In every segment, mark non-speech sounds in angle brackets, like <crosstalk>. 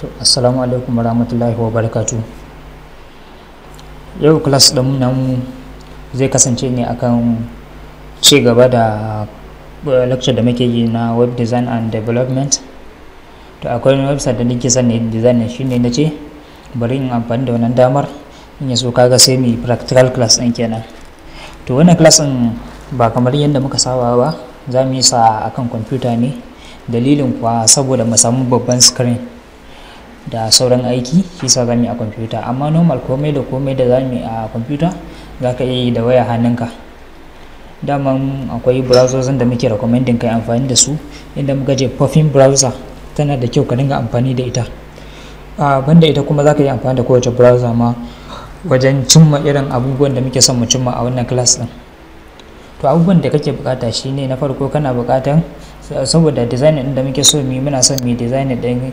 to assalamu alaikum warahmatullahi yau class ɗin nan zai kasance ne akan ci gaba da uh, lecture da muke yi na web design and development to akwai website da nake son ne design shine na ce bari in amfani da wannan damar in yaso kaga sai mu practical class ɗin kenan to wannan class ɗin ba kamar yadda muka saba ba za mu yi sa akan kwamfuta ne dalilin kuwa saboda mu samu babban screen da sauran aiki shi sa zamu yi a kwamfuta amma normal komai da komai da zamu yi a kwamfuta za ka iya yi da waya hannunka daman akwai browsers da muke recommending kai amfani da su inda muka je puffin browser tana da kyau ka dinga amfani da ita a banda ita kuma za ka yi amfani da kowace browser ma wajen cimma irin abubuwan da muke son mu cimma a wannan class din to abubuwan da kake bukata shine na farko kana bukatan saboda design din da muke so mu muna son mu design din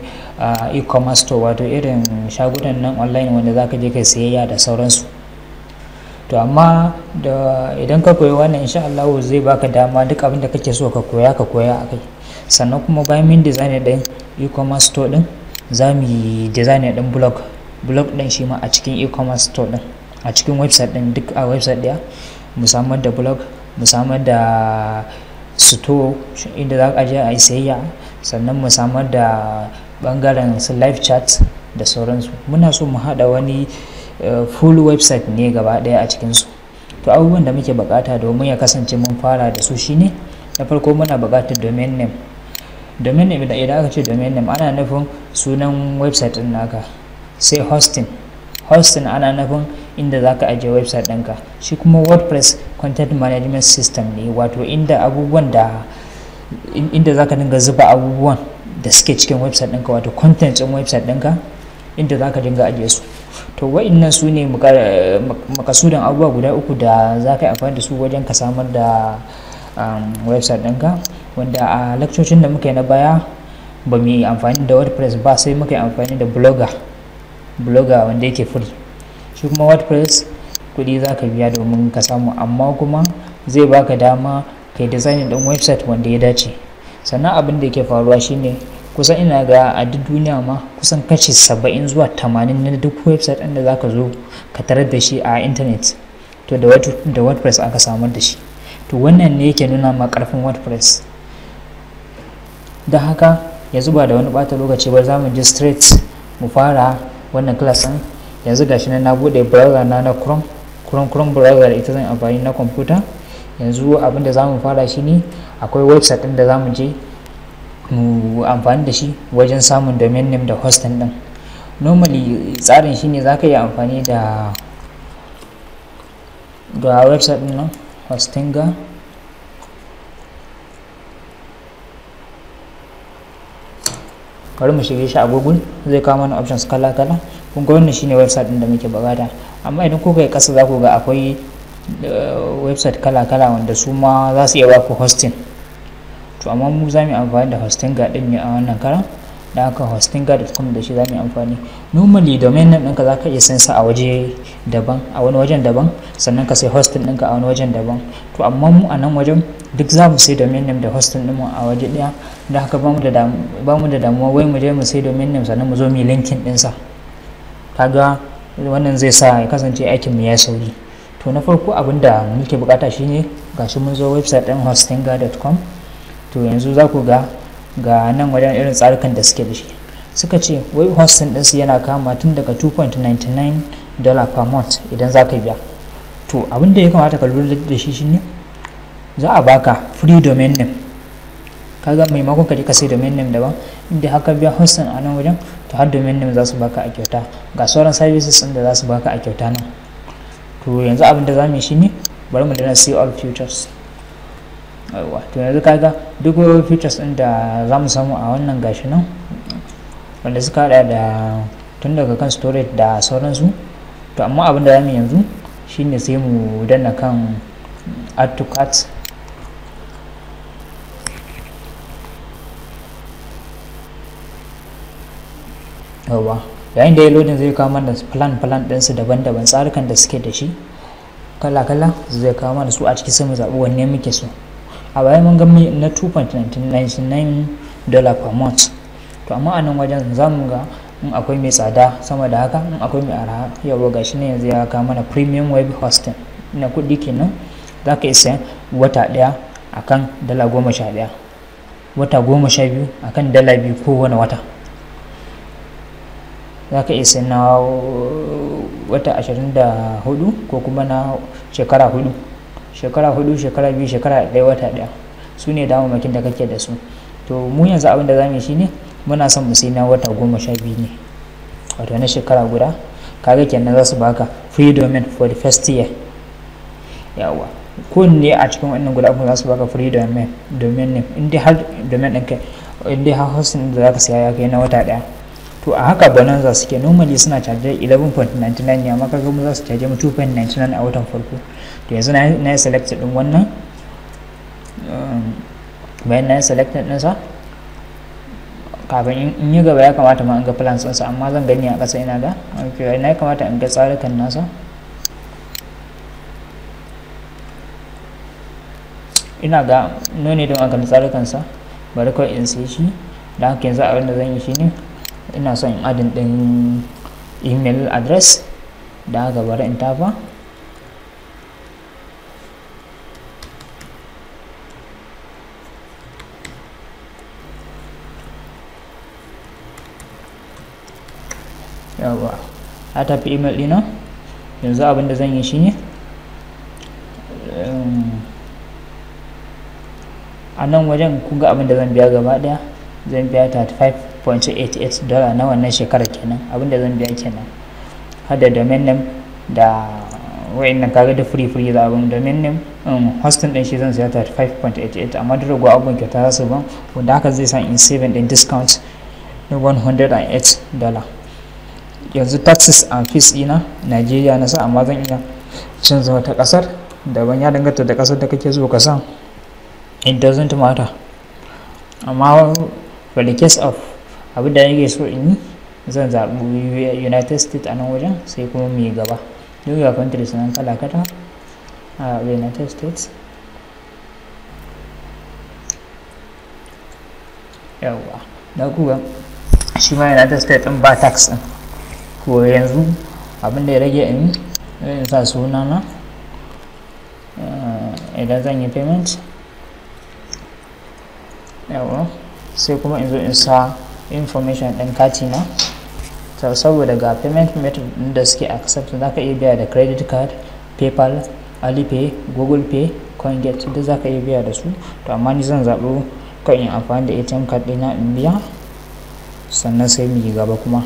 e-commerce store wato irin shagunan nan online wanda zaka je kai sayayya da sauransu to amma da idan ka koyi wannan insha Allah zai baka dama duk abin da kake so ka koya ka koya a kai sannan kuma bayan min design din e-commerce store din za mu yi design din blog blog din shi ma a cikin e-commerce store din a cikin website din duk a website daya mu samar da blog mu samar da sito inda za ka je a yi sayayya sannan mu samar da bangaren su live chat da sauransu muna so mu haɗa wani eh, full website ne gaba ɗaya a cikinsu to abubuwan da muke bukata domin ya kasance mun fara da su shine na farko muna bukatar domain name domain name idan aka ce domain name ana nufin sunan website ɗin naka sai hosting hosting ana nufin inda za ka ajiye website ɗinka shi kuma wordpress content management system ne wato inda abubuwan da inda zaka dinga zuba abubuwan da suke cikin website ɗinka wato content ɗin website ɗinka inda zaka dinga ajiye su to wa'innan su ne makasudan abubuwa guda uku da za ka yi amfani da su wajen ka samar da um, website ɗinka wanda a lakcocin da muka yi na baya ba mu yi amfani da wordpress ba sai muka yi amfani da blogger blogger wanda yake free shi kuma wordpress kuɗi za ka biya domin ka samu amma kuma zai baka dama ka yi design ɗin website wanda ya dace sannan abin da ke faruwa shine kusan ina ga a duk duniya ma kusan kashi saba'in zuwa tamanin na duk website ɗin da za ka zo ka tarar da shi a intanet to da wordpress aka samar da shi to wannan ne yake nuna ma ƙarfin wordpress da haka yanzu ba da wani bata lokaci ba za mu je straight mu fara wannan class ɗin yanzu gashi na bude browser na na chrome chrome chrome browser da ita zan amfani na kwamfuta yanzu abin da zamu fara shi ne akwai website din da zamu je mu amfani da shi wajen samun domain name da hosting din normally tsarin shi ne za ka yi amfani da ga website din nan hostinga bari mu shige shi a google zai kawo mana options kala kala kun ga wannan shine website din da muke bukata amma idan kuka yi ƙasa za ku ga akwai eh, website kala-kala wanda su ma za su iya ba ku hosting to amma mu za mu amfani da hostinga din ne a wannan karan da haka kuma da shi za mu amfani normally domain name ɗinka za ka iya sansa a waje daban a wani wajen daban sannan ka sai hosting ɗinka a wani wajen daban to amma mu a nan wajen duk za mu sai domain name da hosting ɗinmu a waje ɗaya da haka ba mu da damuwa wai mu je mu sai domain name sannan mu zo mu linkin ɗinsa kaga wannan zai sa ya kasance aikin mu ya sauri to na farko abin da muke bukata shine gashi mun zo website din hostinga.com to yanzu za ku ga ga nan wajen irin tsarukan da suke da shi suka ce web hosting su yana kama tun daga 2.99 dollar per month idan za ka biya to abin da ya kamata ka lura da shi shine za a baka free domain name kaga maimakon ka je ka sai domain name daban inda haka biya hosting a nan wajen to har domin name za su baka a kyauta ga sauran services din da za su baka a kyauta nan to yanzu abin da za mu yi ne bari mu dana see all futures yawa to yanzu kaga duk futures ɗin da za mu samu a wannan gashi nan wanda suka hada da tun daga kan storage da sauransu to amma abin da za mu yanzu shine sai mu danna kan add to cart yawa yayin da ya lodin zai kawo mana plan plan ɗinsu daban-daban tsarukan da suke da shi kala-kala zai kawo mana su a ciki sai mu zaɓi wanne muke so a bayan mun gami na 2.99 dollar per month to amma a nan wajen za mu ga in akwai mai tsada sama da haka in akwai mai arha yawa ga shi ne yanzu ya kawo mana premium web hosting na kuɗi kenan za ka isa wata ɗaya akan dala goma sha ɗaya wata goma sha biyu akan dala biyu kowane wata za ka iya na wata 24 ko kuma na shekara hudu shekara hudu shekara biyu shekara 1 wata ɗaya su ne damammakin da kake da su to mu yanzu abin da za mu shi ne muna son mu sai na wata goma sha biyu ne wato na shekara guda kaga kenan za su baka free domain for the first year yawa ne a cikin wannan guda kuma za su baka free domain domain ne in har domain ɗinka in har hosting da za ka siya ya kai na wata ɗaya to a haka bonanza suke normally suna charge 11.99 ne amma kaga mu za su charge mu 2.99 a watan farko to yanzu na yi select din wannan um, bayan na yi select din sa kafin in yi gaba ya kamata ma in ga plans ɗinsa amma zan gani a ƙasa ina ga okay na ya kamata in ga tsarukan nasa ina ga nuni don a ga tsarukan sa bari kawai in sai shi da haka yanzu abin da zan yi shi ne. ina son in adin din email address da aka bari in tafa yawa a tafi email dina yanzu abinda zan yi shine um, a nan wajen kunga abinda zan biya gaba daya zan biya 35 1.88 dollar na wannan shekarar kenan abinda zan biya kenan har da domain name da nan kaga da free free za abin domain name um, hosting din shi zan siya 35.88 amma duk rago abin kyauta za su ban wanda haka zai sa in saving din discount na 108 dollar yanzu taxes and fees ina nigeria na sa amma zan iya canza wata kasar daban ya danganta da kasar da kake zuwa kasan it doesn't matter amma for the case of abin da nake so in yi zan zaɓi united states a nan wajen sai kuma mai gaba new york country sunan kala kala a united states yawwa na kuwa shi ma united states ɗin ba tax ɗin ko yanzu abin da ya rage in zan sa suna na eh, idan zan yi payment yawwa sai kuma in zo in sa information ɗin kati na to saboda ga payment method ɗin da suke accept za ka iya biya da credit card paypal alipay google pay coingate duk za ka iya biya da su to amma ni zan zaɓi kan yin amfani da atm card ɗina in biya sannan sai mu yi gaba kuma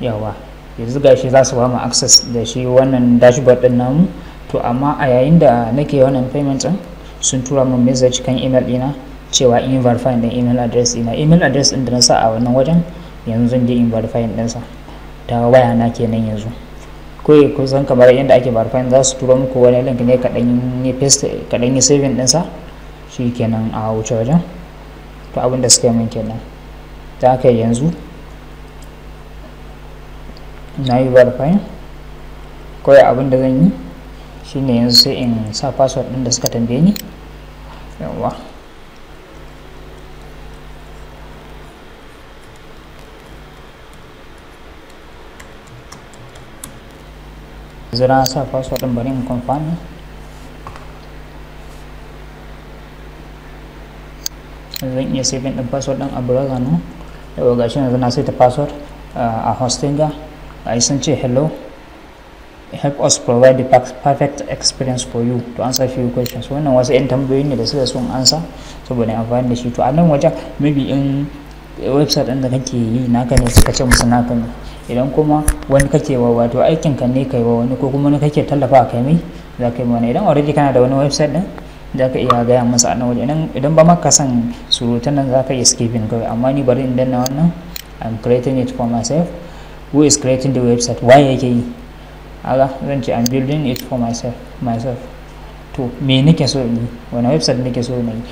yawa yanzu ga za su bamu access da shi wannan dashboard ɗin namu to amma a yayin da nake wannan payment ɗin sun tura min message kan email ɗina cewa in verify din email address ina email address din da na sa a wannan wajen yanzu zan je in verify din sa ta waya na kenan yanzu ko kusan kamar yadda ake verify za su tura muku wani link ne kadan yi paste dan yi saving din sa shikenan a wuce wajen to abin da suka min kenan ta kai yanzu na yi verify kawai abin da zan yi shine yanzu sai in sa password din da suka tambaye ni yawa yanzu sa password ɗin bari in confirm zan iya saving ɗin password ɗin a browser no yau ga shi yanzu na saita password uh, a hosting ga yi sun ce hello help us provide the perfect experience for you to answer few questions wannan wasu 'yan tambayoyi ne da suka son ansa saboda amfani da shi to a nan wajen maybe in website ɗin da kake yi naka ne suka ce musu naka ne idan kuma wani kake wa wato aikin ka ne kai wa wani ko kuma wani kake tallafa kai mai za ka yi mana idan already kana da wani website din za ka iya gaya masa a nan waje idan ba maka son surutan nan za ka iya skipping kawai amma ni bari in danna wannan i'm creating it for myself who is creating the website why yake yi aga zan ce i'm building it for myself myself to me nake so in yi wani website nake so in yi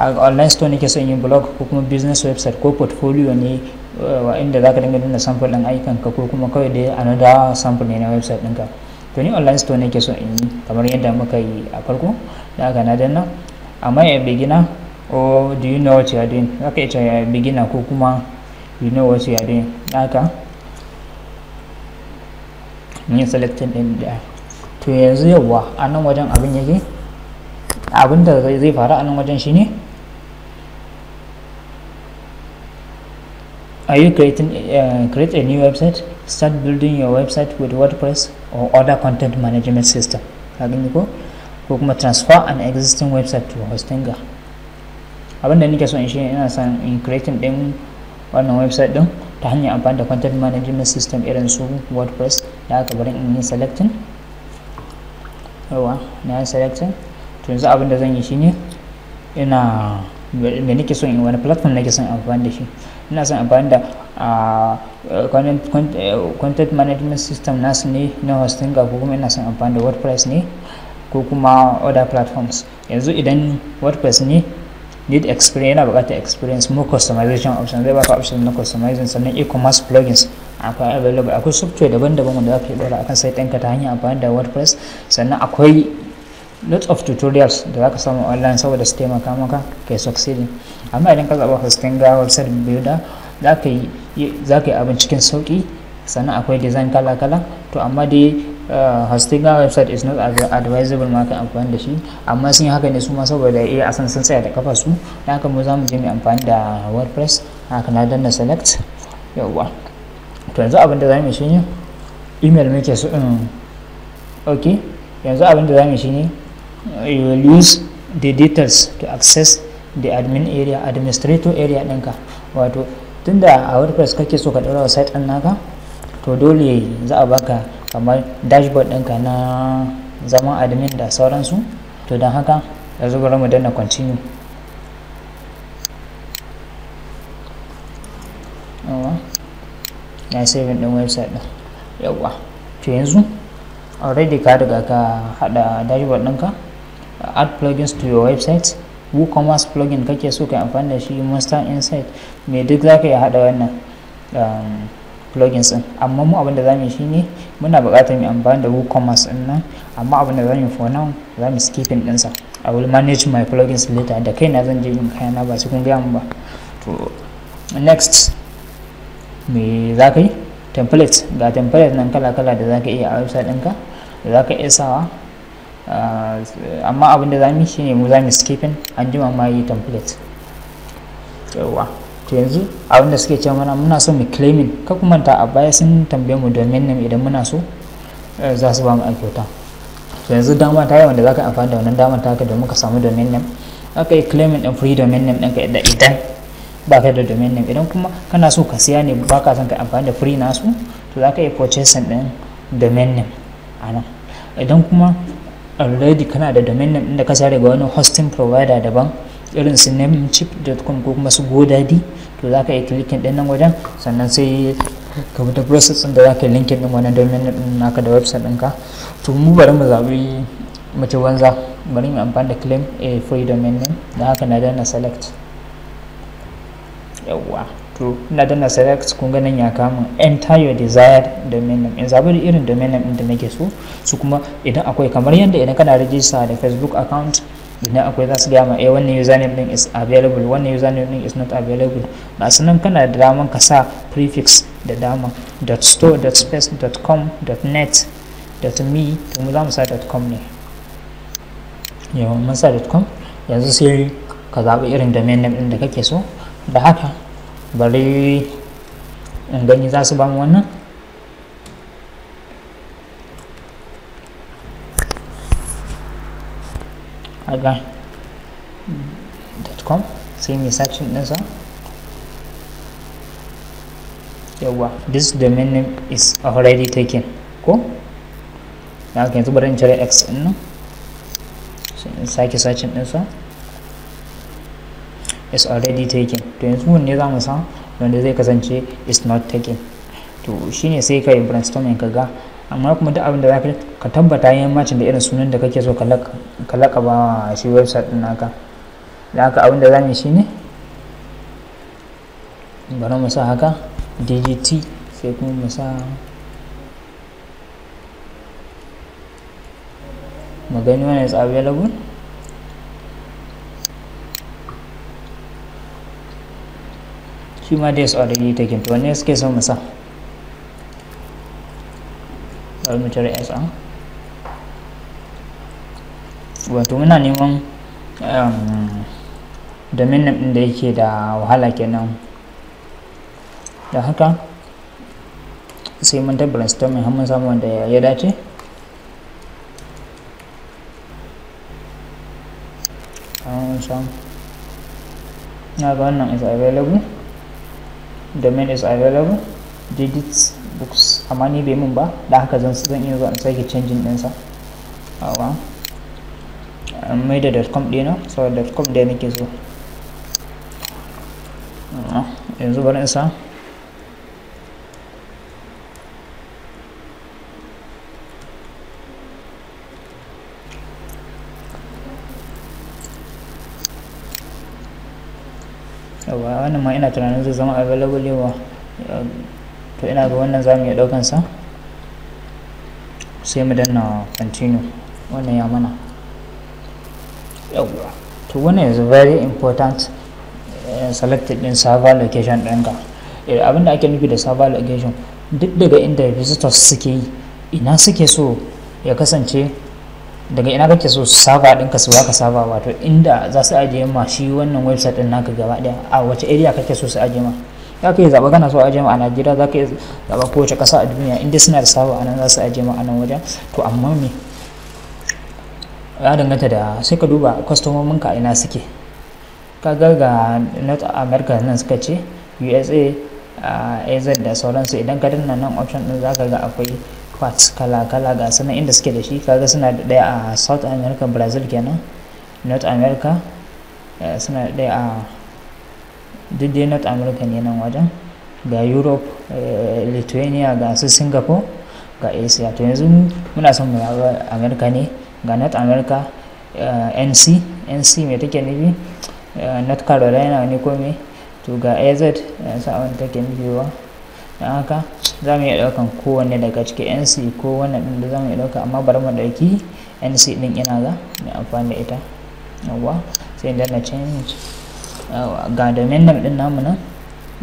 a online store nake so in yi blog ko kuma business website ko portfolio ne Eh, wa inda za ka dinga nuna sample ɗin ayyukanka ko kuma kawai dai another sample ne na website ɗinka to ni online store nake so in yi kamar yadda muka yi a farko da aka na danna amma ya begina or oh, do you know what you are doing za ka ita ya begina ko kuma you know what you are doing da haka ni selected ɗin da to yanzu yawa a nan wajen abin yake abin da zai faru a nan wajen shine ne Are you creating uh, create a new website? Start building your website with WordPress or other content management system. Kagin ko ko kuma transfer an existing website to Hostinger. Abin da nake so in shi ina son in creating din wannan website din ta hanyar amfani da content management system irin su WordPress da aka bari in yi selecting. Yawa, na selecting. To yanzu abin da zan yi shine ina da nake so in wani platform nake son amfani da shi. ina son amfani da content management system nasu ne na hosting ko kuma ina son amfani da wordpress ne ko kuma other platforms yanzu idan wordpress ne need experience yana bukatar experience more customization option zai baka option na customizing sannan e-commerce plugins akwai available akwai software daban-daban wanda za ka yi dora akan site ɗinka ta hanyar amfani da wordpress sannan akwai lots of tutorials da zaka samu online saboda su taimaka maka kai succeeding amma idan ka zaba ga website builder zaka yi zaka yi abin cikin sauki sannan akwai design kala kala to amma dai eh, ga website is not advisable ma ka amfani da shi amma sun yi haka ne su ma saboda eh asan sun tsaya da kafa su dan haka mu zamu je mu amfani da WordPress haka na danna select yawwa to yanzu abin da za mu shi ne email muke so um, ok yanzu abin da za mu shi ne. you will use the details to access the admin area administrator area ɗinka wato tunda a wordpress kake so ka ɗora site ɗin naka to dole za a baka kamar dashboard ɗinka na zaman admin da sauransu to don haka yanzu bari mu danna continue na saving ɗin website ɗin to yanzu already ka riga ka haɗa dashboard ɗinka add plugins to your website woocommerce plugin kake so ka amfani da shi monster insight me duk za ka iya haɗa wannan um, plugins din amma mu abinda zamu yi ne muna buƙatar mu amfani da woocommerce din nan amma abinda zamu yi for now zamu skipping din sa i will manage my plugins later da kai na zan je kai na? ba sai kun ga mu ba to next me za ka yi template ga template nan kala kala da za ka iya a website ɗinka da za ka iya sawa amma abin da za mu shi ne mu za mu skipping an jima ma yi template yawa to yanzu abin da suke cewa mana muna so mu claiming ka kuma ta a baya sun tambaye mu domin name idan muna so eh, za su ba mu a kyauta to yanzu dama ta yi wanda zaka ka amfani da wannan dama ta ka domin ka samu domain name aka yi claiming din free domain name ɗinka idan idan ba ka da domain name idan kuma kana so ka siya ne ba ka son ka amfani da free nasu to za ka yi purchasing ɗin domain name a idan kuma already kana da domain name da ka sare ga wani hosting provider daban irin su namecheap.com ko kuma su godaddy to za ka yi clicking din nan wajen sannan sai ka bi process din da za ka yi linkin din wani domain din naka da website ɗinka to mu bari mu zabi mace wanza bari mu amfani da claim a free domain name da haka na dana select yawwa to ina dana select kun ganin ya kama enter your desired domain name in zabi irin domain name da nake so su kuma idan akwai kamar yadda idan kana register da facebook account idan akwai za su gaya ma eh wannan username din is available wannan username din is not available na sanan kana da daman ka sa prefix da dama dot store dot space dot com dot net dot me to mu za mu sa dot com ne yawan mun sa dot com yanzu sai ka zaɓi irin domain name din da kake so da haka bari in gani za su bamu wannan aga com sai mai sacin ɗinsa yawa this domain name is already taken ko da haka yanzu bari in cire x ɗin nan sai in sake sacin ɗinsa is already taken to yanzu ne za mu san wanda zai kasance is not taken to shine sai ka yi brainstorming ka ga amma kuma duk abin da za ka tabbata yayin macin da irin sunan da kake so ka lakaba shi website din naka da haka abin da za mu shine bari mu sa haka dgt sai kuma mu sa magani wani is available shi ma dai is yi taken to wanne suke son masa bari mu tare s an ah. wato muna neman um, domin nan ɗin da yake da wahala kenan da haka sai mun tabbara brainstorming har mun samu wanda ya dace na ga wannan is available domain is available digits books amma ni bai mun ba da haka zan zan iya zuwa in sake canjin sa awa an mai da .com ɗina saboda .com da nake so yanzu bari in sa wannan ma ina tunanin zai zama available wa to ina ga wannan za mu iya ɗaukansa sa sai mu danna continue wannan ya mana yawwa to wannan is very important eh, selected din server location ɗinka eh, abinda ake nufi da server location duk daga inda visitors suke yi ina suke so ya kasance daga ina kake so server ɗinka su baka server wato inda za su ajiye ma shi wannan website ɗin naka gaba ɗaya a wace area kake so su ajiye ma za ka yi zaɓa kana so ajiye ma a najeriya za ka yi zaɓa kowace kasa a duniya inda suna da server a nan za su ajiye ma a nan wajen to amma me ya danganta da sai ka duba kwastomomin ka ina suke ka ga ga north america nan suka ce usa a az da sauransu idan ka danna nan option ɗin za ka ga akwai parts kala-kala ga sanan inda suke da shi kaga suna da ɗaya a south america brazil kenan north america eh, suna da ɗaya a duk dai north america ne nan wajen ga europe eh, lithuania ga su singapore ga asia to yanzu muna son mu america ne ga north america eh, nc nc mai take nufi north carolina ne ko me to ga az sa abin take nufi don haka za mu iya ɗaukan kowanne daga cikin nc ko wannan ɗin da za mu iya ɗauka amma bari mu ɗauki nc ɗin ina ga mai amfani da ita yawwa sai na change ga domain name ɗin namu nan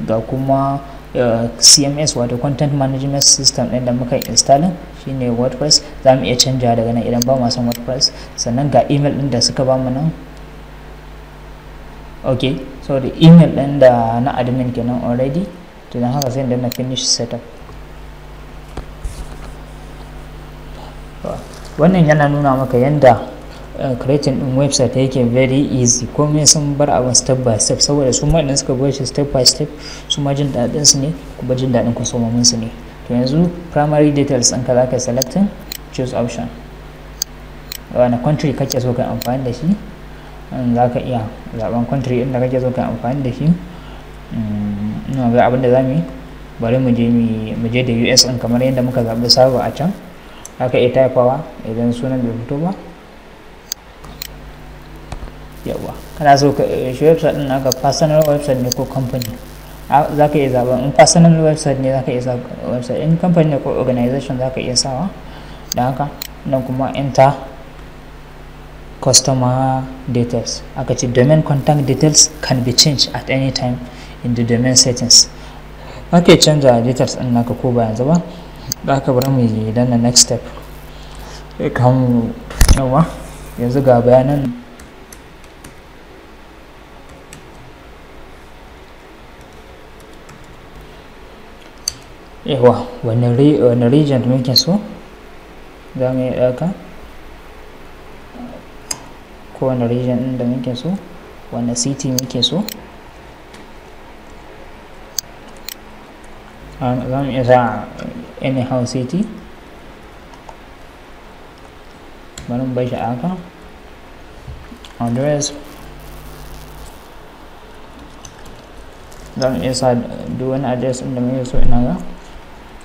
ga kuma eh, cms wato content management system ɗin da muka installing shine wordpress za mu iya canjawa daga nan idan ba mu san wordpress sannan ga email ɗin da suka ba mu nan ok so the email ɗin da na admin kenan already to don haka sai in danna finish setup wannan yana nuna maka yanda uh, creating din website yake very easy komai sun bar abin step by step saboda su ma suka bar shi step by step su ma jin daɗin su ne kuma jin daɗin kwasomomin su ne to yanzu primary details ɗinka za ka selecting choose option wani country kake so ka amfani da shi za ka iya zaben country inda kake so ka amfani da shi mm. ga abin da za mu yi bari mu je mu je da us ɗin kamar yadda muka zaɓi sabo a can aka iya taifawa idan sunan bai fito ba yawa kana so shi website ɗin naka personal website ne ko company za ka iya in personal website ne za ka iya website in company ne ko organization za ka iya sawa da haka nan kuma enter customer details aka ce domain contact details can be changed at any time in the domain settings ok canza details din naka ko ba yanzu ba da aka bari mu yi dan na next step sai kan yawa yanzu ga bayanan yawa wani region muke so za mu yi ɗaka wani region da muke so wani city muke so za mu iya sa anyhow city bari mu bashi haka address za mu iya sa duk wani address ɗin da muke so ina ga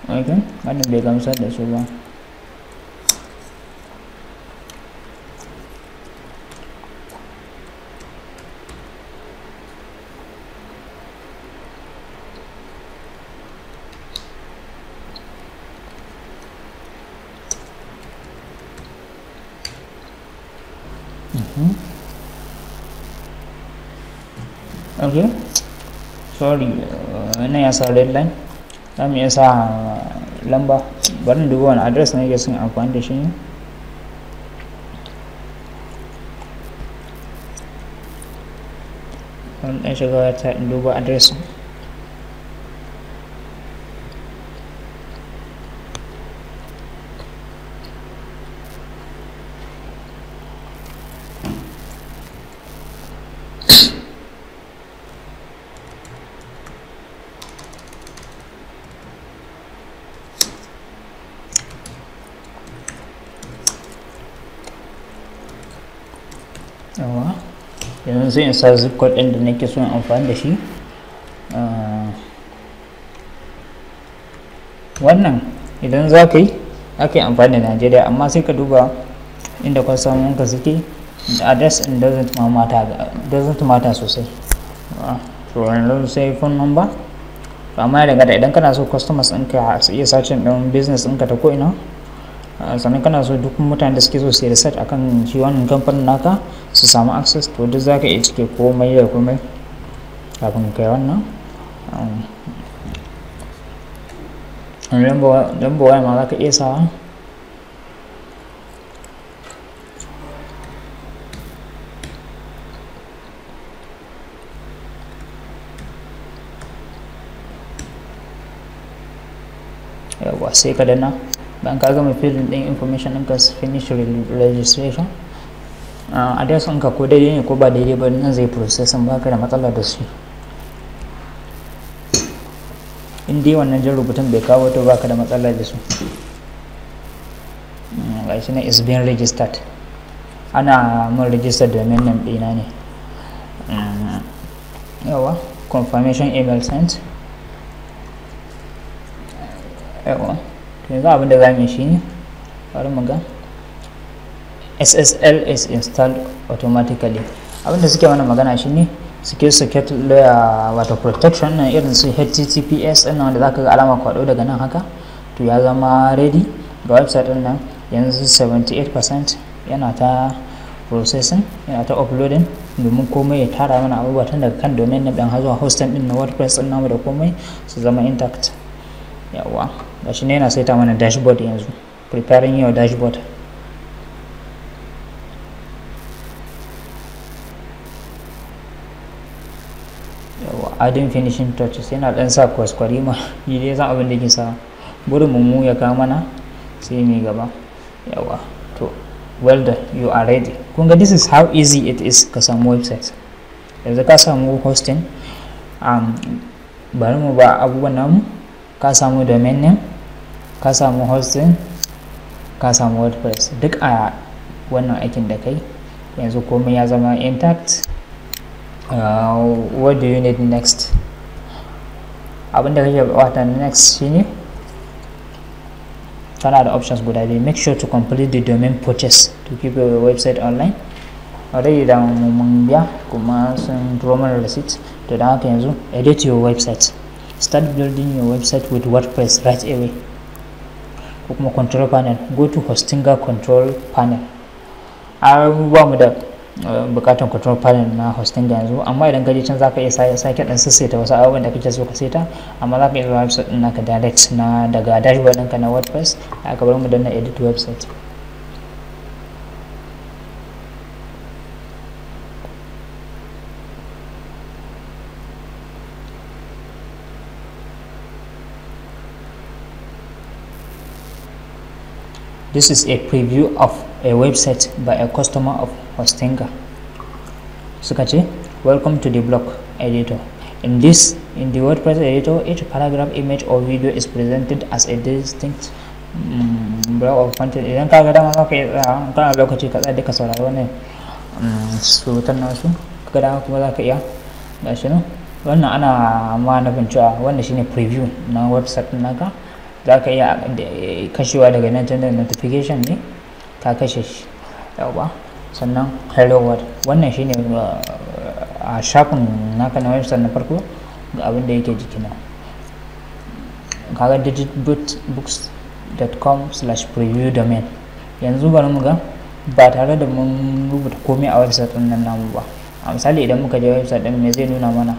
ok wannan bai gamsar da su ba okay sorry wannan ya sa red line za mu iya sa uh, lamba bari duba wani address na yake sun amfani da shi ne wani ɗan shiga ta duba address yanzu in sa zip code ɗin da nake so in amfani da shi ah, wannan idan za ka yi ake amfani da najeriya amma sai ka duba inda ka suke da address in doesn't matter sosai ah, to yanzu sai phone number amma ya daga da idan kana so customers ɗinka su iya sacin ɗin business ka ta ko'ina ah, sannan kana so duk mutane da suke so su research akan shi wannan kamfanin naka su samu access to duk za ka iya cike komai da komai kafin kai wannan lamba um, waya ma za ka iya sawa yawwa sai ka dana bayan ka gama filin din information ka finish registration Ah, a sun ka ko daidai ne ko ba daidai ba nan zai processing baka da matsala da su in dai wannan jin rubutun bai kawo to baka da matsala da su hmm, shi na is being registered ana mun register domin nan ɗina ne hmm, yawa confirmation email sent yawa to yanzu abin da za mu yi shi ne bari mu ga ssl is installed automatically abinda suke mana magana shine secure socket layer wato protection na irin su https ɗin wanda zaka ga alama kwado daga nan haka to ya zama ready ga website ɗin nan yanzu 78% yana ta processing yana ta uploading domin komai ya tara mana abubuwa tun daga kan domain name ɗin har zuwa hosting ɗin na wordpress ɗin namu da komai su zama intact yawa gashi ne yana saita mana dashboard yanzu preparing your dashboard adin finishing touches yana dan sa kwaskwari ma <laughs> ni dai zan abin da ke sa burin mu ya kama mana sai mai gaba yawa to well done you are ready kun ga this is how easy it is ka samu website yanzu ka samu hosting um, bari mu ba abubuwan namu ka samu domain name ka samu hosting ka samu wordpress duk a wannan aikin da kai yanzu komai ya zama intact Uh, what do you need next I abinda what the next shine out the options guda biyu make sure to complete the domain purchase to keep your website online already da mun biya kuma sun roman receipt to da haka yanzu edit your website start building your website with wordpress right away ko kuma control panel go to hostinga control panel an ba mu da bukatan control panel na hosting da yanzu amma idan gaji can zaka iya sake dan sassaita wasu abubuwan da kake so ka saita amma zaka iya zuwa website ka direct na daga dashboard ɗinka na wordpress aka bar mu danna edit website This is a preview of a website by a customer of Hostinger. suka ce welcome to the block editor in this in the wordpress editor each paragraph image or video is presented as a distinct um, block of content idan ka ga dama za ka kana lokaci ka tsaya duka saurari wannan mm, surutan nasu ka dama kuma za ka iya gashi nan wannan ana ma nufin cewa wannan shine preview na website naka za ka iya eh, kashewa daga nan tun da notification ne ta kashe shi yauwa sannan hailowar wannan wannan shine uh, a shafin naka na website na farko ga abin da yake jikina kaga digitbooks.com slash preview domain yanzu bari mu ga ba tare da mun rubuta komai a website ɗin nan namu ba a misali idan muka je website ɗin me zai nuna mana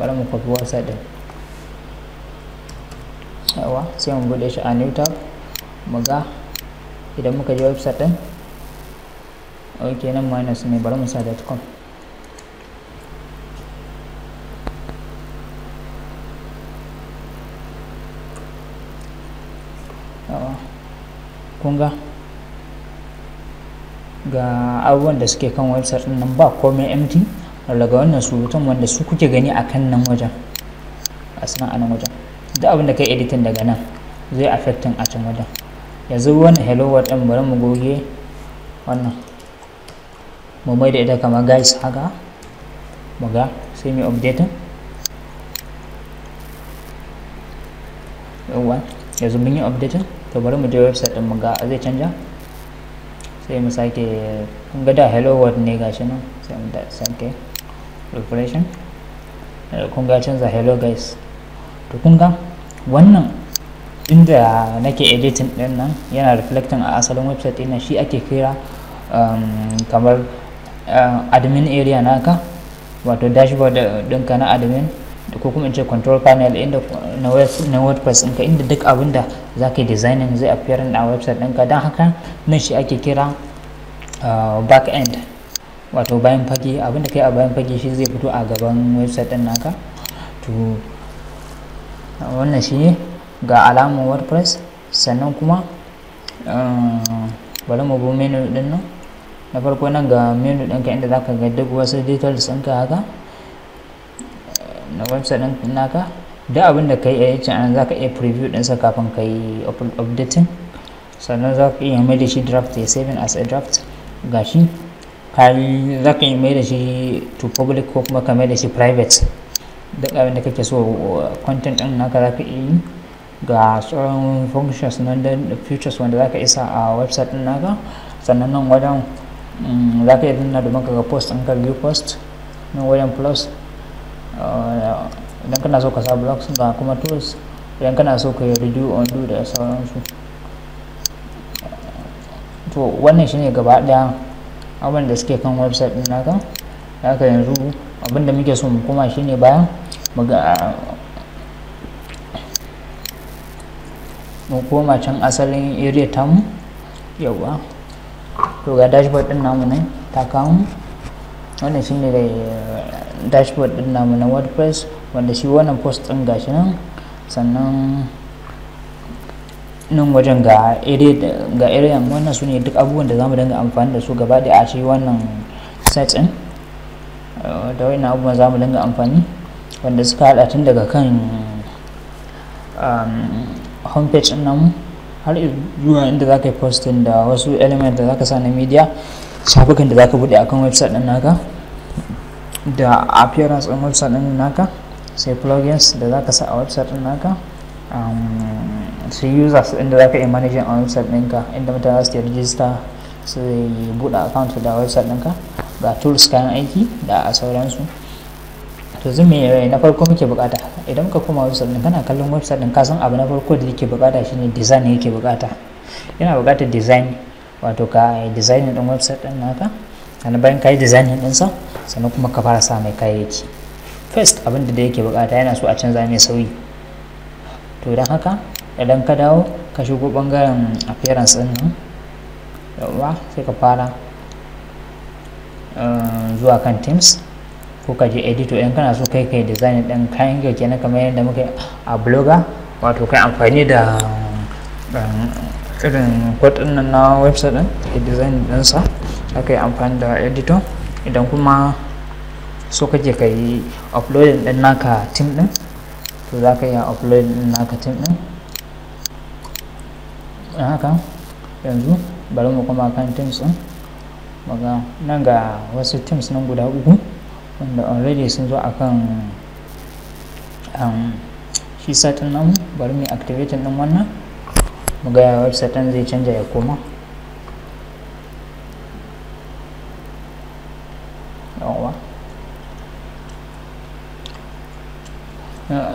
bari mu kwafi website ɗin yawa sai mu buɗe shi a new tab mu ga idan muka je website din ok nan minus ne bari mu kom .com kunga ga abubuwan da suke kan website din nan ba komai empty daga wannan surutun wanda su kuke gani a kan nan wajen a sanan wajen duk abin da kai editin daga nan zai affecting a can wajen yanzu wani hello world ɗin bari mu goge wannan mu mai da ita kamar guys haka mu ga sai mu updating yawwa yanzu mun yi updating to bari mu je website ɗin mu ga zai canja sai mu sake kun ga da hello world ne shi nan sai mu sake refreshing eh, kun ga canza hello guys to kun ga wannan inda nake editing din nan yana reflecting a asalin website din nan shi ake kira um, kamar uh, admin area naka wato dashboard ɗinka na admin ko kuma in ce control panel inda na wordpress ɗinka inda duk abin da za ka yi designing zai appear a website ɗinka don haka nan shi ake kira uh, back end wato bayan fage abin da kai a bayan fage shi zai fito a gaban website ɗin naka to wannan shi ne ga alamar wordpress sannan kuma eh, bari mu bi menu din nan na farko nan ga menu ɗinka inda ka ga duk wasu details ɗinka haka eh, na website ɗin naka da abin da kai a can za ka iya preview ɗinsa kafin ka yi updating sannan za ka iya mai da shi draft ya saving as a draft gashi za ka iya mai da shi to public ko kuma ka mai da shi private duk abin da kake so content ɗin naka za ka iya yi ga tsoron functions nan da futures wanda zaka isa a website din naka sannan nan wajen mm, za ka yi dinna domin ga post an ka view post na wajen plus eh, idan kana so ka sa blocks ga kuma tools idan kana so ka yi redo undo da sauransu to wannan shine gaba daya abin da suke kan website din naka haka yanzu abinda muke so mu koma shine bayan mu koma can asalin area tamu yawa to ga dashboard din namu ne ta kawo wannan shine da eh, dashboard din namu na wordpress wanda shi wannan post din gashi nan sannan nan wajen ga ga area wannan su ne duk abubuwan da zamu dinga amfani da su gaba da a shi wannan set din eh, da wannan abubuwan zamu dinga amfani wanda suka hada tun daga kan um, homepage ɗin namu har zuwa inda za ka yi posting da wasu element da za ka sa na media shafukan da za ka buɗe akan website ɗin naka da appearance ɗin website ɗin naka sai plugins da za ka sa a website ɗin naka um, sai users inda za ka yi managing a website ɗinka inda mutane za su yi register su buɗe account da website ɗinka ga tools kayan aiki da sauransu to zumi eh, na farko muke bukata idan ka koma website din kana kallon website din ka san abu na farko da yake bukata shine design yake bukata yana bukatar design wato ka design din website din naka sannan bayan ka yi design din sa sannan kuma ka fara sa mai kayayyaki first abin da yake bukata yana so a canza mai sauyi to idan haka idan ka dawo ka shigo bangaren appearance din nan yawa sai ka fara eh, zuwa kan teams ko ka je editor in kana so kai kai design din kayan ka kenan kamar yadda muka a blogger wato kai amfani da um, irin kwadin nan na website din a design ɗinsa za ka yi amfani da editor idan kuma so kake ka yi uploading ɗin naka team ɗin to za ka yi uploading ɗin naka team ɗin haka yanzu bari mu kuma kan teams ɗin maga nan ga wasu teams nan guda uku wanda already sun zo akan um, shi satin nan bari mu activating din wannan mu ga website din zai canja ya koma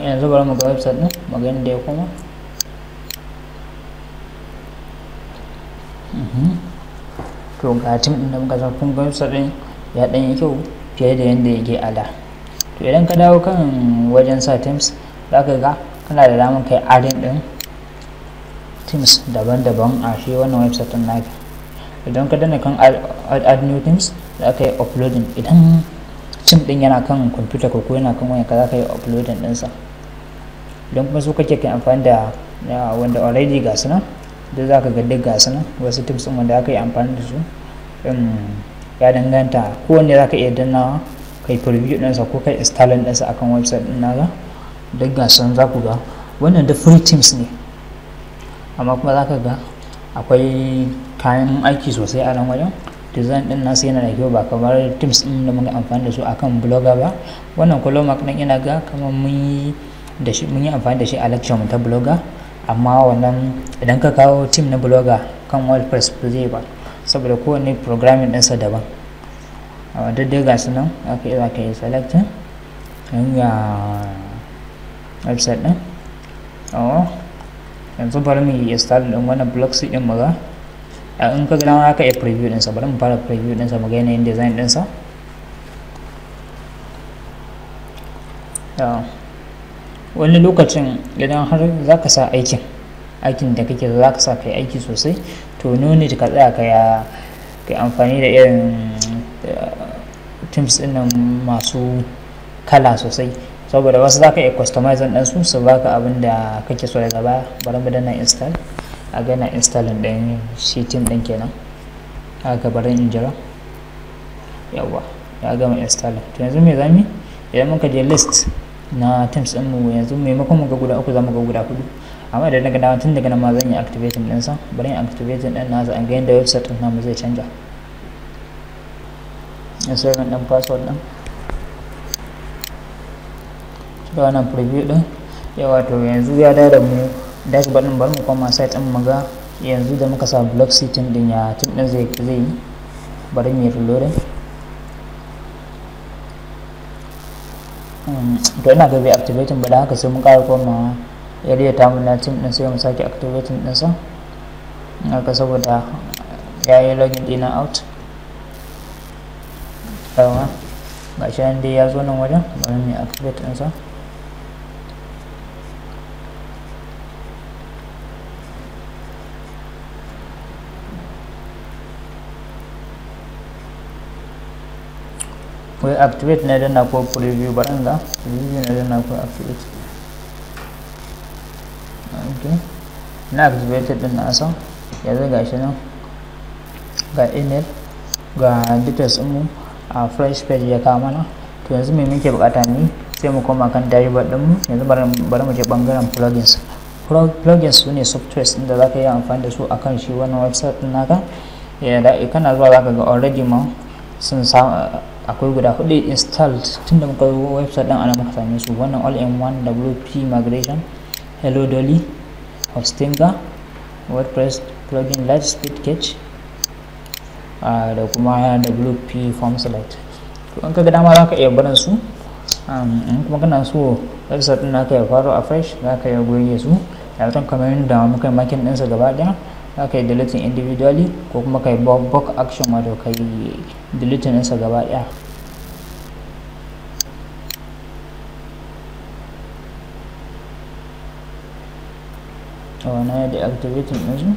yanzu bari mu ga website din mu ga inda ya koma mhm. to ga tim din da muka zafin kun website din ya dan yi kyau fiye da yadda yake a da to idan ka dawo kan wajen sa teams za ka ga kana da damar kai adin din teams daban-daban a shi wannan website na naka idan ka dana kan add new teams za ka yi uploading idan sim din yana kan kwamfuta ko yana kan wani ka za ka yi uploading ɗinsa don kuma su kake kai amfani da wanda already ga su nan duk za ka ga duk ga su nan wasu teams ɗin wanda aka yi amfani da su ya danganta kowanne za ka iya danna kai preview ɗinsa ko kai installing ɗinsa akan website ɗin naga duk san za ku ga wannan da free teams ne amma kuma za ka ga akwai kayan aiki sosai a nan wajen design din nasu yana da kyau ba kamar teams ɗin da muka amfani da su akan blogger ba wannan colomark din ina ga kamar mun yi da shi mun yi amfani da shi a lecture mu ta blogger amma wannan idan ka kawo team na blogger kan wordpress ba zai ba saboda kowane programming ɗinsa daban a daidai ga su nan aka yi aka yi selecting don ga website ɗin yanzu bari mu yi install ɗin wannan block seed ɗin mu ga in ka gina aka yi preview ɗinsa bari mu fara preview ɗinsa mu ga yanayin design ɗinsa wani lokacin idan har za ka sa aikin aikin da kake za ka sa kai aiki sosai to nuni ka tsaya ka ya ka amfani da irin eh, teams ɗin masu kala sosai saboda wasu zaka iya customize ɗin su su baka abin da kake so daga baya bari mu danna install a ga na installing ɗin shi team ɗin kenan ga bari in jira yawa ya gama installing to yanzu me zamu idan muka je list na teams ɗin mu yanzu maimakon mu ga guda uku zamu ga guda hudu amma idan na ga tun daga nan ma zan yi activating ɗinsa bari in activating ɗin nasa an ga yadda website din namu zai canja in saving ɗin password ɗin da wannan preview ɗin ya wato yanzu ya dawo da mu dashboard ɗin bari mu koma site ɗin mu ga yanzu da muka sa block city din ya tun ɗin zai zai yi bari mu yi reloading hmm, to ina ga bai activating ba da haka sai mun kawo kuma. ya ya ta mun tim din sai mu sake activating din sa haka saboda ya yi login din out yawa ga shi an dai ya zo nan wajen bari mu activate din sa ko activate na danna ko preview bari ga preview na dana ko activate okay na activated din nasa yanzu ga shi nan ga email ga details mu a fresh page ya kawo mana to yanzu me muke bukata ne sai mu koma kan dashboard din mu yanzu bari mu je bangaren plugins plugins su ne softwares da za ka yi amfani da su a shi wannan website din naka da eh, kana zuwa zaka ga already ma sun samu akwai guda hudu installed tun da muka website din ana muka same su wannan all in one wp migration Hello Dolly, Hostinga, WordPress plugin Lightspeed Catch uh, da kuma WP Form Select. To an kaga dama za ka iya barin su, um, in kuma kana so website ɗin naka ya faro a fresh za ka iya goge su, yawatan kamar yadda muka yi makin ɗinsa gaba ɗaya za ka yi deleting individually ko kuma ka yi bulk action wato ka yi deleting ɗinsa gaba ɗaya. so na deactivating su?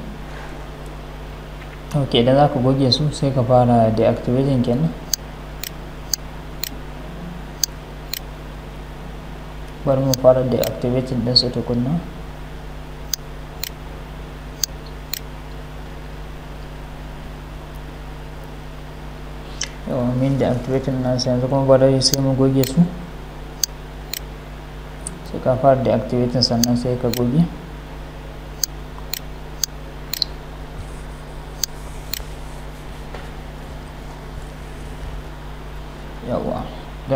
ok idan za ka goge su sai ka fara deactivating kenan bari mu fara deactivating su tukunna yau min deactivating nasu yanzu kuma bari sai mu goge su sai ka fara deactivating sannan sai ka goge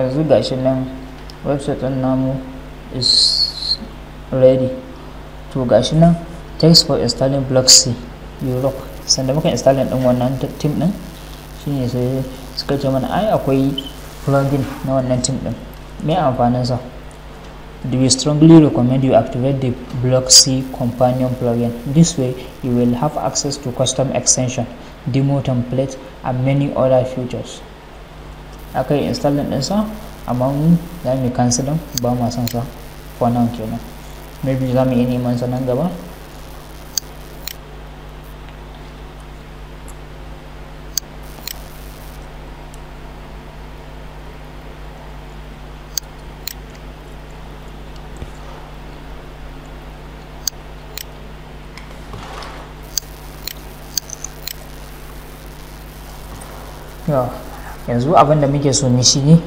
yanzu gashi nan website ɗin namu is ready to gashi nan thanks for installing block c europe sanda muka installing ɗin wannan team ɗin shine sai suka ce mana ai akwai plugin na wannan team ɗin me amfanin sa do we strongly recommend you activate the block c companion plugin this way you will have access to custom extension demo template and many other features aka yi installing ɗinsa amma mu za mu cancelin ba ma son sa for now kenan maybe za mu yi neman sa nan gaba Yeah. yanzu abin da muke so ne shi ne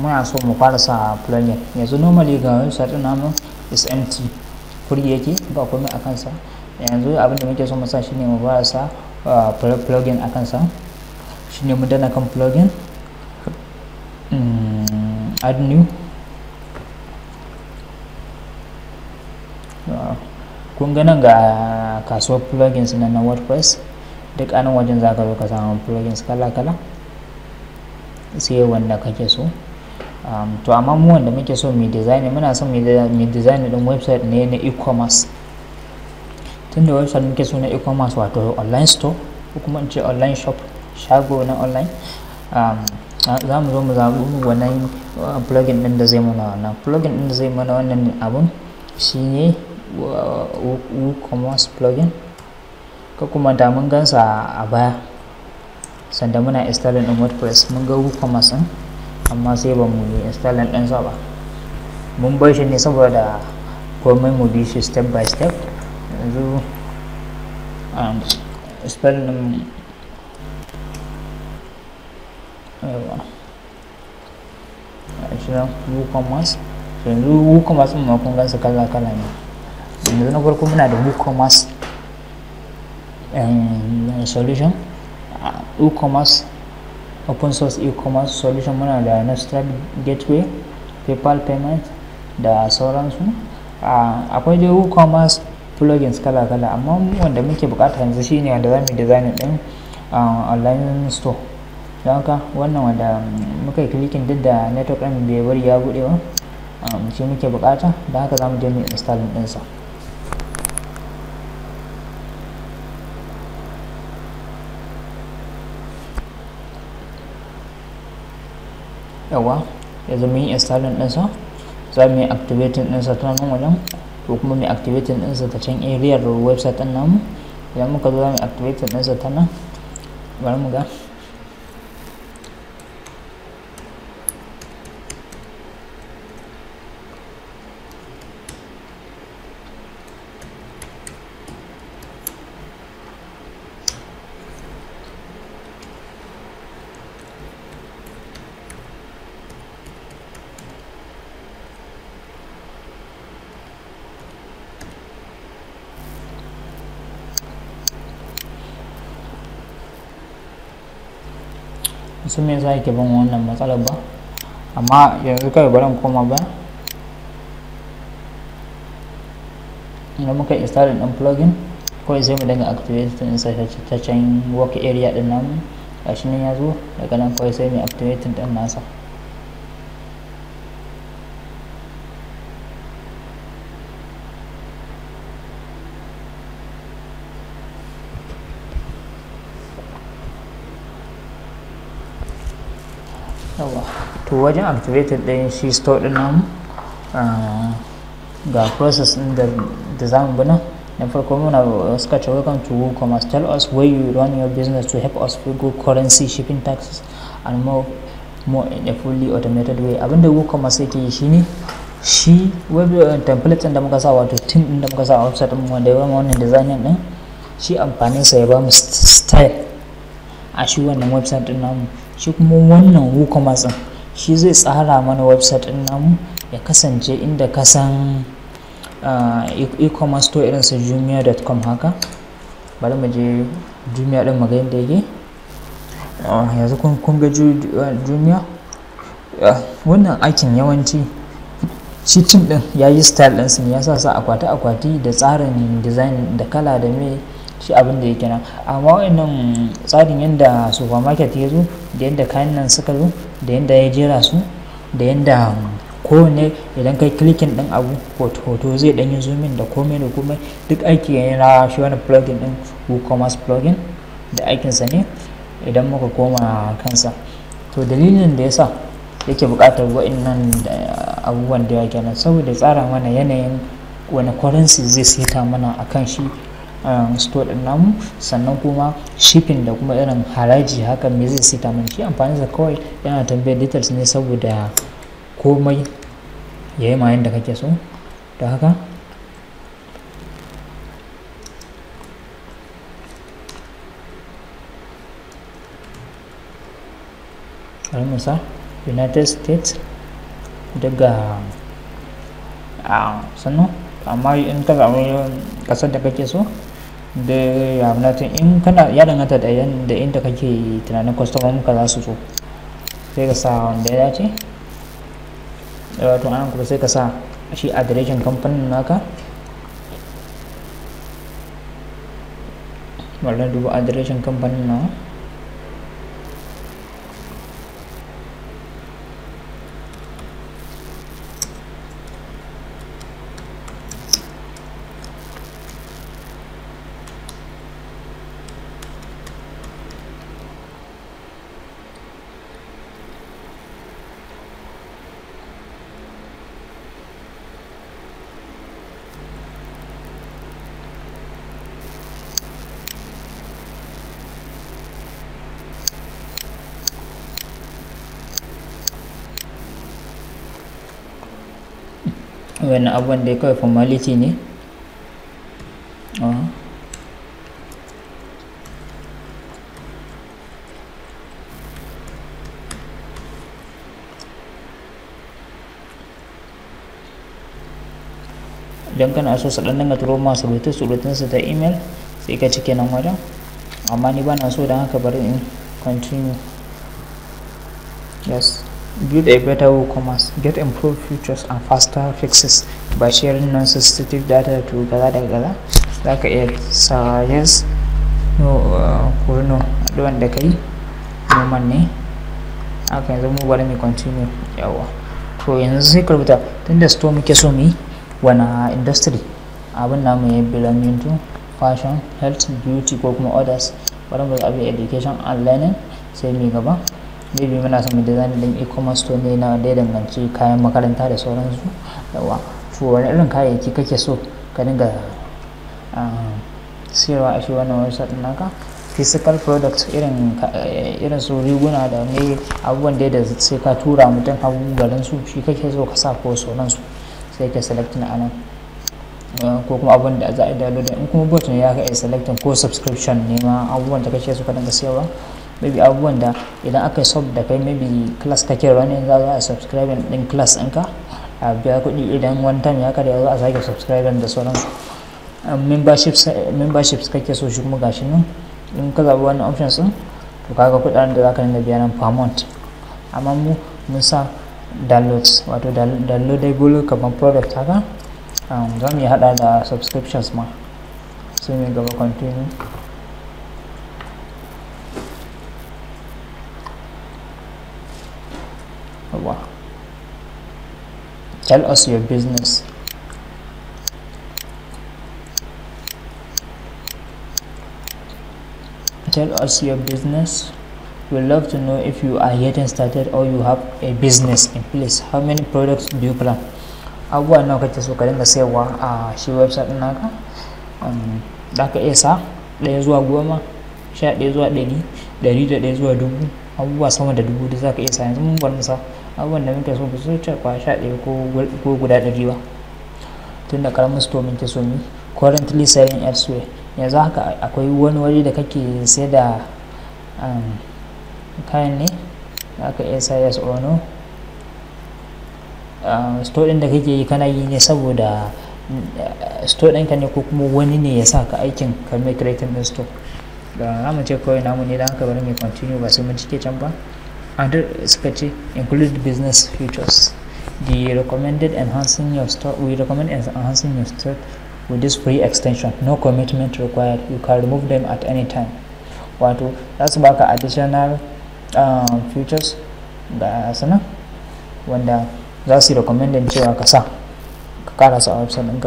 muna so mu fara sa plugin yanzu normally ga website din namu is empty kuri yake ba komai a kansa yanzu abin da muke so mu sa ne mu fara sa ah, plugin a kansa ne mu dana kan plugin hmm, add new ah, kun ga nan ga kasuwar plugins na na wordpress duk anan wajen za ka zo ka samu plugins kala-kala sai wanda kake so um, to amma mu wanda muke so mai design muna son mai design din website ne na e-commerce tunda website muke so na e-commerce wato online store ko kuma in ce online shop shago na online um, za mu zo mu zaɓi wannan uh, plugin ɗin da zai mana wannan plugin ɗin da zai mana wannan abun shine uh, WooCommerce plugin ka kuma da mun gansa a baya sanda muna installing din wordpress mun ga woocommerce din amma sai ba mu yi installing din sa ba mun bar shi ne saboda komai mu bi shi step by step yanzu um, installing din yawa shi na woocommerce yanzu woocommerce din ma kun gan su kala kala ne yanzu na farko muna da woocommerce um, solution e-commerce open source e-commerce solution muna da Stripe gateway paypal payment da sauransu akwai dai e-commerce plugins kala-kala amma wanda muke bukata yanzu shine wanda zamu design din online store don haka wannan wanda muka yi clicking duk da network din bai bari ya bude ba shi muke bukata da haka zamu je mu install din sa yawa yanzu mun yi installin ɗinsa za mu yi activating ɗinsa ta nan wajen ko kuma mu yi activating ɗinsa ta can area website ɗin namu idan muka zo za mu yi activating ɗinsa ta nan bari mu ga sun me za yake ban wannan matsalar ba amma yanzu kawai bari koma ba idan muka install din plugin kawai sai mu dinga activating din ta can work area din namu gashi nan ya zo daga nan kawai sai mu activating din nasa to wajen activated din shi store din namu ah, ga process din da zamu bi nan na farko muna suka ce welcome to WooCommerce tell us where you run your business to help us figure currency shipping taxes and more more in a fully automated way abinda WooCommerce yake yi shine shi web eh, template da muka sa wato team din da muka sa a website din wanda ya ba wannan design din shi amfanin sa ya ba mu style a shi wannan website din namu shi kuma wannan WooCommerce din shi zai tsara mana website ɗin namu ya kasance inda ka san eh, e-, e-commerce store irin su jumia.com haka bari mu je jumia ɗin mu ga yadda yake ah, yanzu kun ga jumia ah, wannan aikin yawanci shi cin ɗin ya yi style ɗinsu ne ya sa sa akwati akwati da tsarin design da kala da mai shi abin da ya kenan amma wa'annan tsarin yadda supermarket ya zo da yadda kayan nan suka zo da yadda ya jera su da yadda kowane idan kai klikin din abu hoto zai dan yi zoomin da komai da komai duk aiki ne na shi wani plugin din woocommerce plugin da aikinsa ne idan muka koma kansa to dalilin da yasa yake buƙatar wa'annan abubuwan da ya kenan saboda tsara mana yanayin wani currency zai sita mana a kan shi Um, store din namu sannan kuma shipping da kuma irin haraji haka me zai sita mun shi amfani da kawai yana tambayar details ne saboda komai ya yi mayan da kake so da haka united states daga a um, sannan amma in ka zaɓi kasar da kake so da ya in kana ya danganta da inda kake tunanin kwastomomin ka za su so sai ka sa wanda ya dace wato anan kuma sai ka sa shi adireshin kamfanin naka wannan dubu adireshin kamfanin nawa when I want the call formality ni oh. Ah. dan kan asal selan dengan rumah sebab itu sulutan serta email sehingga cekin nama dia aman iban asal dah kabar ini continue yes build a better WooCommerce, get improved features and faster fixes by sharing non-sensitive data to gaza da gaza za ka iya sa yes no uh, ko no addu'an da kai no money. Okay, yanzu mu bari me continue yawa to yanzu sai ka rubuta tunda store muke so me when wani industry will now ya belonging to fashion health beauty ko kuma others bari mu zaɓi education and learning sai me gaba maybe muna son mu design din e-commerce store ne na da danganci kayan makaranta da sauransu yawa to wani irin kayayyaki kake so ka dinga ah, siyarwa a shi wannan website din naka physical product irin eh, irin su riguna da me abubuwan da da sai ka tura mutum abubuwan garin su shi kake so ka sa ko sauransu sai ka selecting anan eh, ko kuma abubuwan da za a yi download in kuma bot ne ya ka selectin ko subscription ne ma abubuwan da kake so ka dinga siyarwa maybe abubuwan da idan aka sub da kai maybe class kake running za a subscribe din class ka a biya kuɗi idan one time ya kada za a sake subscribe da sauran memberships ka kake so shi kuma gashi nan in ka zaɓi wannan options ɗin to kaga kuɗaɗen da zaka dinga biya nan per month amma mu mun sa downloads wato downloadable kamar product haka za mu yi hada da subscriptions ma sai mai gaba continue tell us your business tell us your business we love to know if you are getting started or you have a business in place how many products do you plan abubuwa nawa kake so ka dinga sayarwa a shi website din naka um, za ka iya sa ɗaya zuwa goma sha ɗaya zuwa ɗari ɗari da ɗaya zuwa dubu abubuwa sama da dubu da za ka iya sa yanzu mun bar sa abubuwan da muke so ba su ce kwa sha ɗaya ko guda ɗari ba tun da karamin store muke so mu currently selling elsewhere yanzu haka akwai wani waje da kake sai da um, kayan ne aka iya sa yes store ɗin da kake yi kana yi ne saboda mm, uh, store ɗinka ne ko kuma wani ne ya sa ka aikin ka mai creating ɗin store da za mu ce kawai namu ne da haka bari mai continue ba sai mun cike can ba other suka ce business futures the recommended enhancing your stock we recommend enhancing your stock with this free extension no commitment required you can remove them at any time wato za su baka additional um, futures ga sana wanda za su recommended cewa ka sa ka kara su a website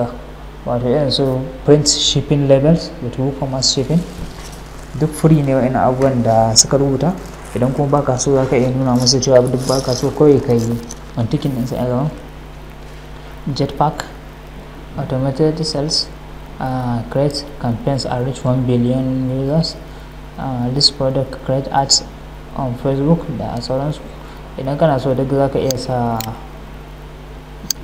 wato irin su print shipping labels with woocommerce shipping duk free ne wa'in abubuwan da suka rubuta idan kuma baka so za ka iya nuna musu cewa duk baka so kawai ka yi mantikin ɗinsa a gaba. jetpack automated cells uh, create campaigns are reach 1 billion users uh, this product create ads on facebook da sauransu idan kana so duk zaka ka iya sa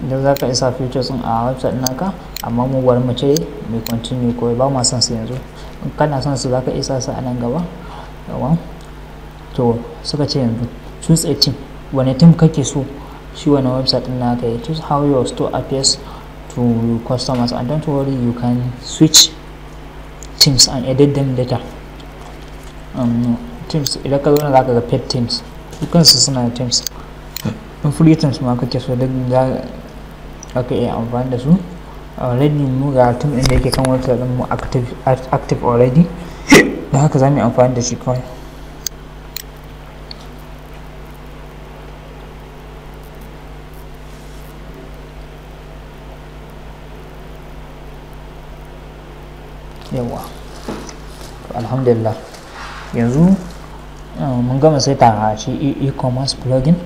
idan za ka isa features a website naka amma mu bari mu ce mai continue kawai ba mu san su yanzu in kana son su za ka isa su a nan gaba to suka ce yanzu sun tsaye wani tim kake so shi wani website na ka yi choose how your store appears to customers and don't worry you can switch teams and edit them later um, teams idan ka zauna zaka ga pet teams dukansu suna da teams in free teams ma kake so duk za ka iya amfani da su already mu ga tun inda da yake kan wata din mu active already da haka za mu yi amfani da shi kawai alhamdulillah yanzu ah, mun gama sai ta shi e, e-commerce plugin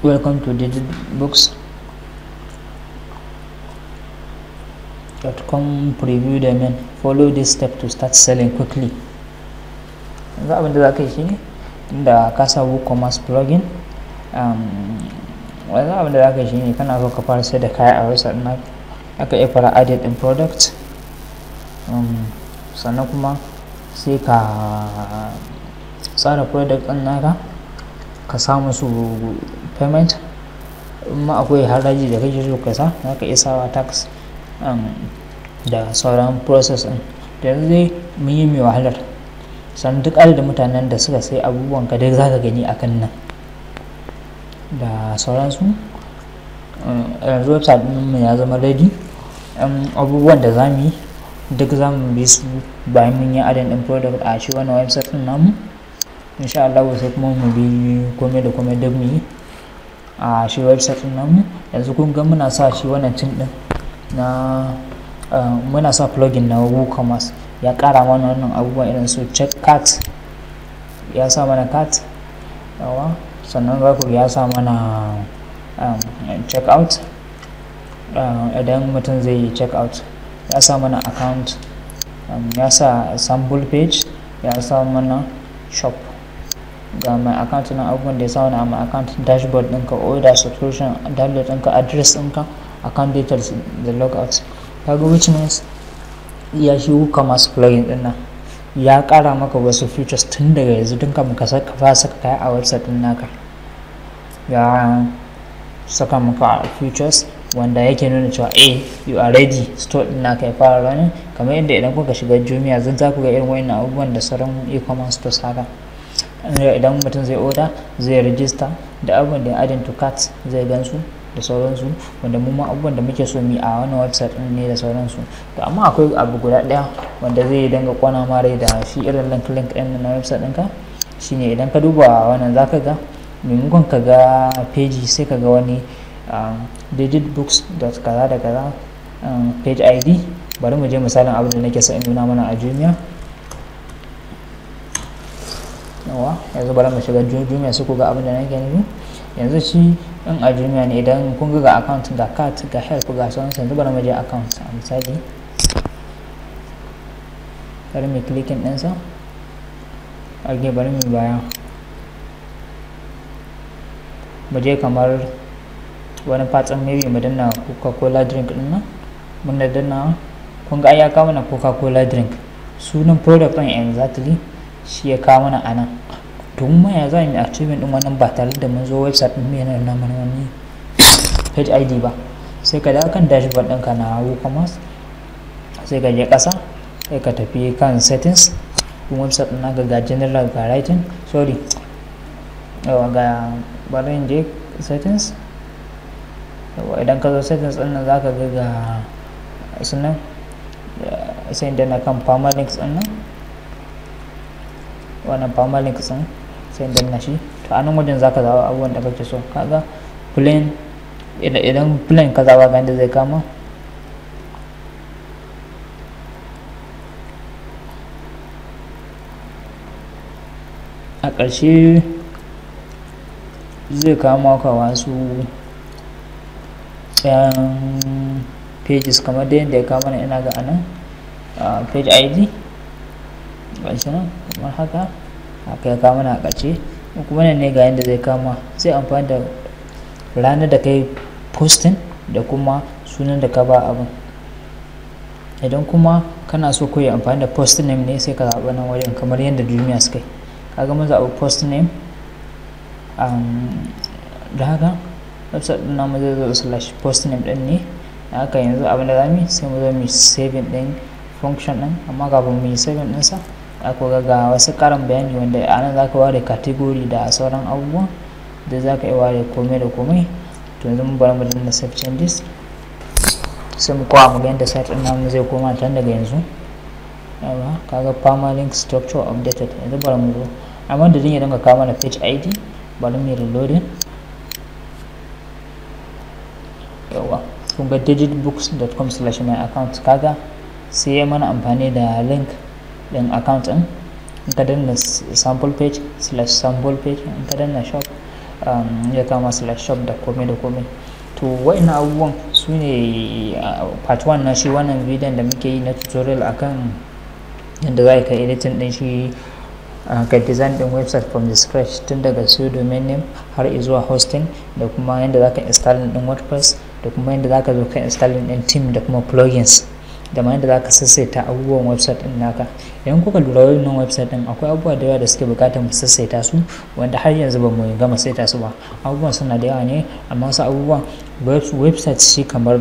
welcome to digitbooks.com preview domain follow this step to start selling quickly yanzu abinda za ka yi shi ne inda ka sa woocommerce plugin wani um, abin za ka yi shine kana so ka fara sai da kaya a wasa na aka iya fara added in product um, sannan kuma sai ka tsara product ɗin naka ka samu su payment ma akwai haraji da kake so ka sa za ka iya sawa tax da sauran process ɗin da yanzu dai mun yi mai wahalar sannan duk adadin mutanen da suka sai abubuwan ka dai za gani a kan nan da sauransu eh, yanzu website mu ya zama ready abubuwan da za mu yi duk za mu bi su bayan mun yi adan ɗin product a shi wani website ɗin namu insha Allah sai kuma mu bi kome da kome duk mu yi a shi website ɗin namu yanzu kun ga muna sa shi wannan tin ɗin na muna sa plugin na WooCommerce ya ƙara mana wannan abubuwan irin su check cart ya sa mana cart yawa sannan za ku ya sa mana um, check out um, idan mutum zai yi check out ya sa mana account ya sa sample page ya sa mana shop ga mai account na abubuwan da ya sa mana a account dashboard ɗinka order subscription download ɗinka address ɗinka account details da logout kaga which means ya shi masu plugin ɗin nan ya kara maka wasu features tun daga yanzu tun kafin saka fa saka kai a website ɗin naka ya saka maka features wanda yake nuna cewa a eh, you are ready store din naka ya fara rani kamar yadda idan kuka shiga jumia zan za ku ga irin wayannan abubuwan da sauran e-commerce stores haka idan mutum zai order zai register da abubuwan da adin to cart zai gansu da sauransu wanda mu ma abubuwan da muke so mu a wannan website din ne da sauransu to amma akwai abu guda daya wanda zai danga kwana ma rai da shi irin link link din na website ɗinka shine idan ka duba wannan zaka ga maimakon ka ga page sai ka ga wani um, digit books dot kaza da kaza um, page id bari mu je misalin abin da nake so in nuna mana a jumia yawa yanzu bari mu shiga jumia su ga abin da nake nufi yanzu shi in a jumia ne idan kun ga account ga cat ga help ga sauransu yanzu bari mu je account a misali bari mu clicking ɗinsa a bari mu baya mu je kamar wani fatsan maybe mu danna coca-cola drink din nan muna danna kun ga ya kawo na coca-cola drink sunan product ɗin exactly shi ya kawo na a nan maya ma ya za mu achieving din wannan ba tare da mun zo website din mai na mana wani page id ba sai ka da kan dashboard ɗinka na woocommerce sai ka je ƙasa sai ka tafi kan settings kun website ɗin ga general ga writing sorry ga barin je settings idan ka zo settings din nan zaka ga ga sunan eh, sai da na kan permalinks din nan wannan permalinks din sai da na shi to anan wajen zaka zaɓa abubuwan da kake so kaga plain idan plain ka zawo ga inda zai kama a ƙarshe zai kama ka wasu pages kamar da yadda ya kawo mana ina ga anan page id shi nan kamar haka haka ya kawo mana a kuma nan ne ga yadda zai kama sai amfani da ranar da kai posting da kuma sunan da ka ba abin idan kuma kana so koyi amfani da post name ne sai ka zaɓa nan wajen kamar yadda duniya suka yi kaga mun zaɓi post name um, da haka website ɗin namu zai zo slash post name ɗin ne haka yanzu abin da zamu sai mu zo mu saving ɗin function ɗin amma kafin mu yi saving ɗin sa za ku ga wasu karin bayani wanda a nan za ka ware category da sauran abubuwa da za ka yi ware komai da komai to yanzu mu bari mu dinga save changes sai mu kowa mu ga yadda site din namu zai koma tan daga yanzu yawa kaga permalink structure updated yanzu bari mu zo amma da din ya dinga kawo mana page id bari mu reloading kun ga digitbooks.com slash my account kaga sai ya mana amfani da link din account din in ka danna sample page slash sample page in ka danna shop um, ya kama slash shop da komai da komai to wa'ina abubuwan su ne uh, part 1 na shi wannan bidiyon da muke yi na tutorial akan yadda za ka editing ɗin shi ga uh, design din website from the scratch tun daga su domain name har izuwa hosting da kuma yadda za ka install din wordpress da kuma yadda zaka zo ka installing din team da kuma plugins da ma yadda zaka sassaita abubuwan website din naka idan kuka lura wannan website din akwai abubuwa da yawa da suke bukatar mu sassaita su wanda har yanzu ba mu gama saita su ba abubuwan suna da yawa ne amma wasu abubuwan website shi kamar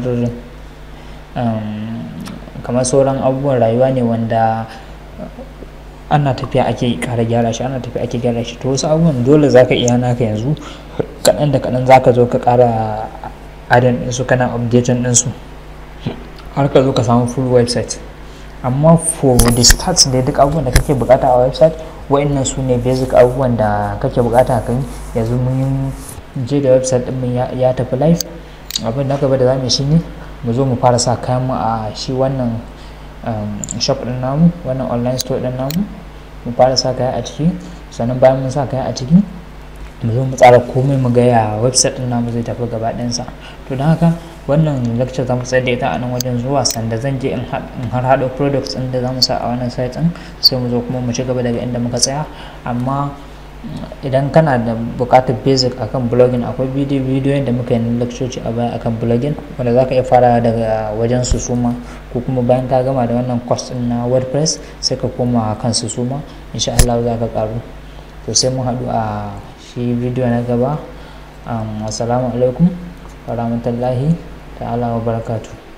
um, kamar sauran abubuwan rayuwa ne wanda uh, ana tafiya ake kara gyara shi ana tafiya ake gyara shi to wasu abubuwan dole zaka iya naka yanzu kaɗan da kaɗan zaka zo ka kara ɗin su kana updating su har ka zo ka samu full website amma for the stats dai duk abubuwan da kake bukata a website wa'annan su ne basic abubuwan da kake bukata kan yanzu mun je da website ɗin mun ya tafi live abin da gaba da zamu shi ne mu zo mu fara sa kayan mu a shi wannan um, shop din namu wannan online store din namu mu fara sa kaya a ciki sannan bayan mun sa kaya a ciki mu zo mu tsara komai mu gaya ya website din namu zai tafi gaba sa to don haka wannan lecture zamu mu tsayar da ita a nan wajen zuwa sanda zan je in har haɗo products din da zamu sa a wannan site din sai mu zo kuma mu ci gaba daga inda muka tsaya amma idan kana da buƙatar basic akan blogging akwai bidiyo bidiyoyin da muka yi lecture a baya akan blogging wanda za ka iya fara daga wajen su suma ko kuma bayan ka gama da wannan course din na wordpress sai ka koma kan su suma insha Allah za ka karu to sai mu hadu a shi bidiyo na gaba um, assalamu alaikum wa rahmatullahi ta'ala wa barakatuh